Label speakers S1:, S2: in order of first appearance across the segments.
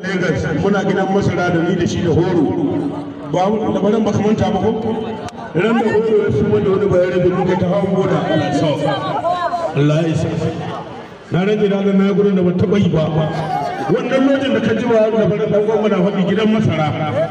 S1: Lagos muna gidan masara da ni da shi da horo ba da baran baka manta ba ko ran da horo ya fi wanda wani bayar da muka ta hawan Allah ya sa na rage da na gurin da ba taɓa yi ba wannan lokacin da ka ji ba da baran dan gwamna faɗi gidan masara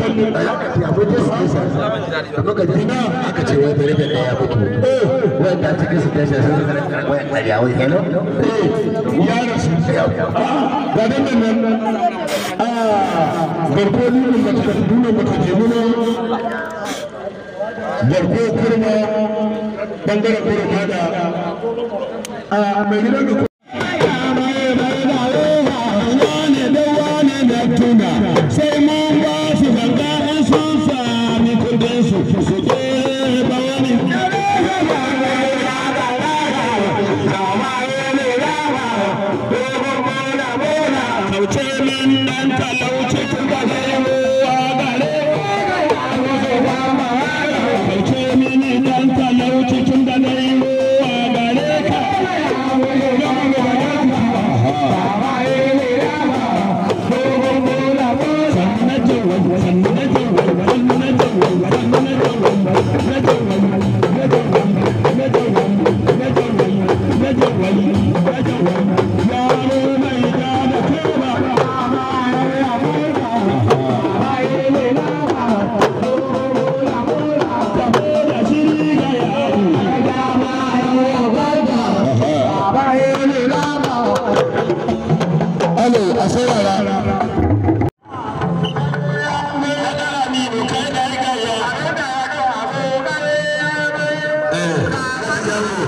S1: kallo da haka ta yabo da sai sai da muka ji aka ce wai bari da ya fito wai da cikin su tashi sun wai wai ya wai hello ya rasu ga dan nan ah barko limin ba ta duna ba ta je muna barko kurma bangaren kurma da a ah, mai gidan talauce min dan talauce na oga jabu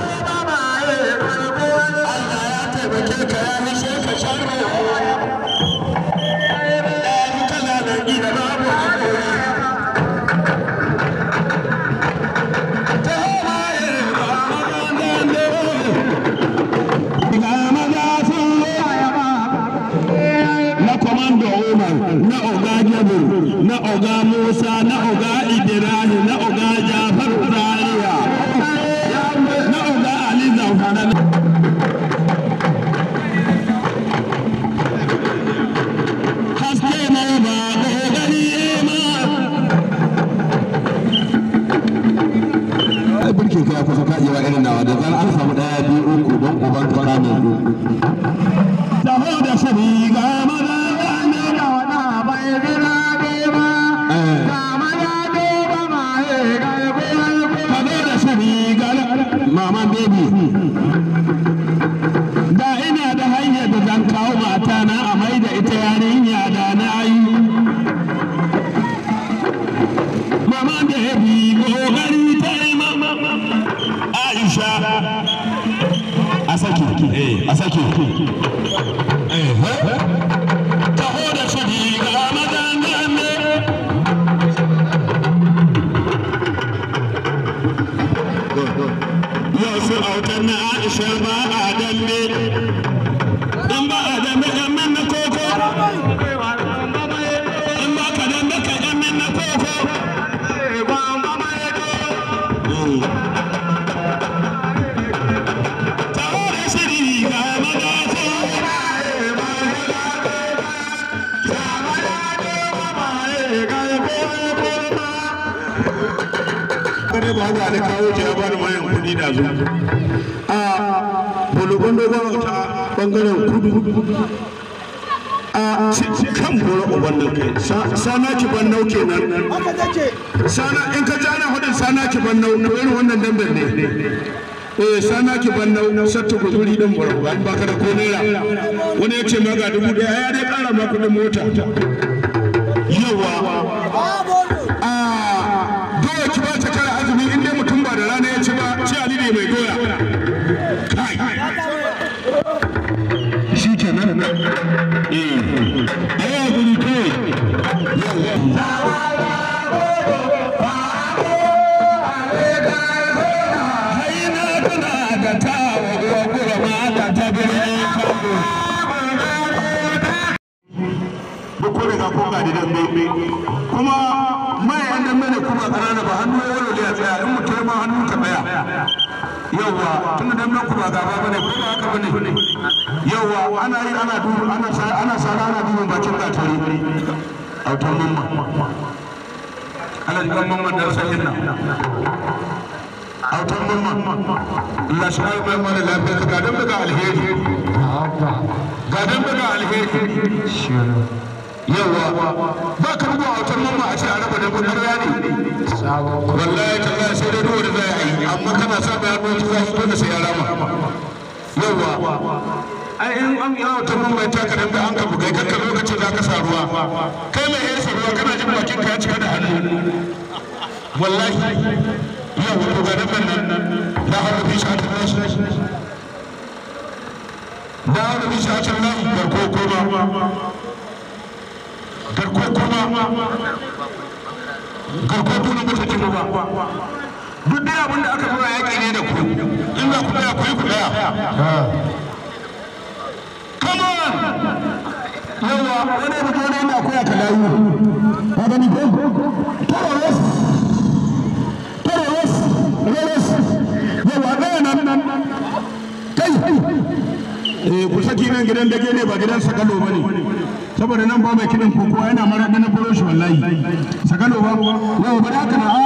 S1: na oga musa na oga ibrahim na oga a sake ɗazu a bologon dogon wata ɓangaren kudu a kan bolo uban nan kai sana ki ban nau kenan sana in ka ji ana hudun sana ki ban nau to irin wannan damben ne eh sana ki ban nau sattu guzuri din bolo ba ka da ko naira wani ya ce ma ga dubu ɗaya ya dai ƙara ma kuɗin mota ba gaba bane ko ba haka bane yawa ana yi ana ana sa ana sara ana dubu bakin mamma mamma da sakin nan autan mamma Allah mai mana lafiya ga daga alheri ga dan daga alheri yawa ba ka bugu wata wutar a cikin a raba da kudin ruwa ne wallahi tallahi sai dai duwa da za a yi amma kana sa da hannu za su dole sai ya rama yawa ai in an yi wutar mamma ta ka danga an ka bugai kanka lokacin da ka sa ruwa kai mai yin sa ruwa kana jin bakin ka ya cika da hannu wallahi yawa to ga dabban nan Na hannu bi shi a tattashi da hannu bi shi a can nan koma garko kuma garko kuna mutu ci ba duk dai abin da aka fara yaƙi ne da ku in za ku tsaya ku yi ku tsaya come on yawa wani abu wani yana koya ka layu ka gani ko tara wes tara wes wes yawa ɗaya nan kai eh ku saki nan gidan dage ne ba gidan sakalo ba ne saboda nan ba mai kiɗin kokowa yana mara na buro shi wallahi sakalo ba wa ba da haka na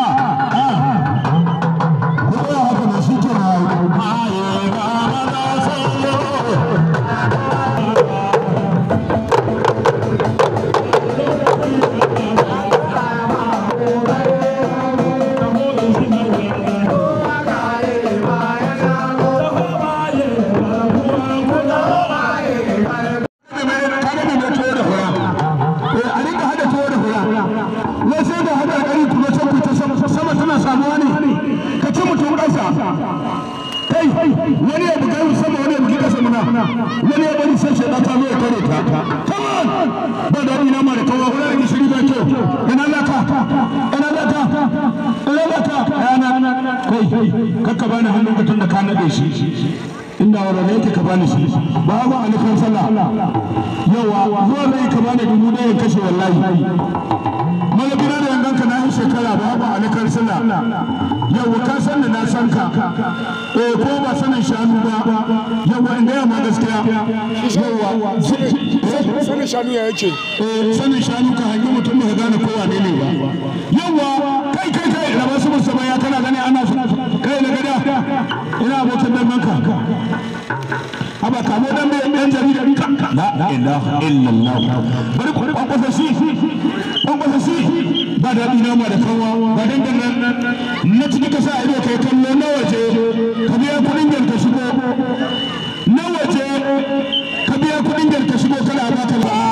S1: da ta zo kare ta come da ina bani yawa zuwa zai dubu ɗaya kashe wallahi kala ba ba alikar sila yau ka sani na san ka eh ko ba sanin shanu ba yau in ga ma gaskiya yau sanin shanu ya yake eh sanin shanu ka hangi mutum ba gane kowa ne ne ba yau kai kai kai da wasu musamman ya kana gani ana kai na gada ina abokin dan manka haba kamo dan bai yan jarida la ilaha illallah bari ku kwankwasa shi kwankwasa shi ba daɗi nama da kanwa ba dandan nan na ciki ka sa ido kai kallo na waje ka biya kuɗin jan ka shigo na waje ka biya kuɗin ka shigo kana ba ta ba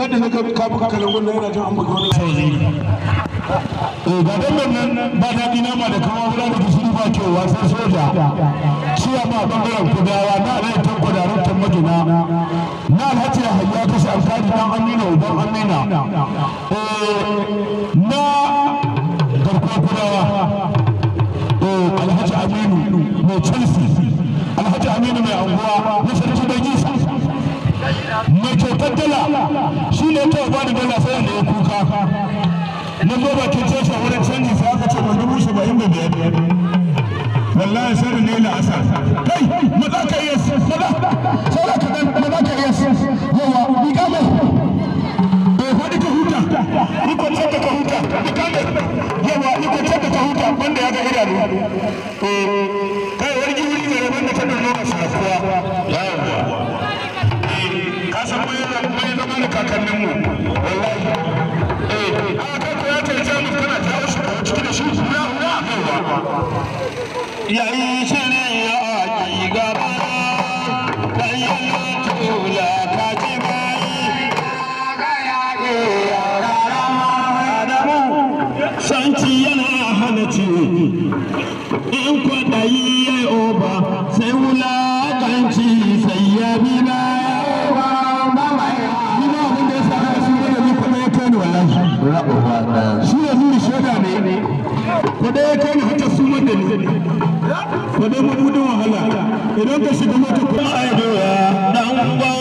S1: sanda na kabi kabi kalangun na yana jin an wani sauzi ga dan nan ba daɗi nama da kama wula da gishiri ba kyau wasan soja shi ya ma bangaren kudawa na alayi tanko da majina na alhaji ya hayya ta shankari dan amina uban amina na garkuwar kudawa alhaji aminu mai chelsea alhaji aminu mai anguwa ya ba da dala sai da ya kuka na ko wurin canji sai aka ce ba dubu saba'in da biyar wallahi sai ne la asar kai maza ka iya maza sai ka dan maza ka iya yawa ni ka eh fadi ka huta ni ko tsaka ka huta ni ka yawa ni ko tsaka ka huta banda ya ga idanu eh Kaskanci yana hana ci in kwaɗayi ya yi oba, sai wulaƙanci sai ya bi baya shi da zuri shaida ne, ya kai ni su mabudin wahala, idan ka shiga kuma a yi doya,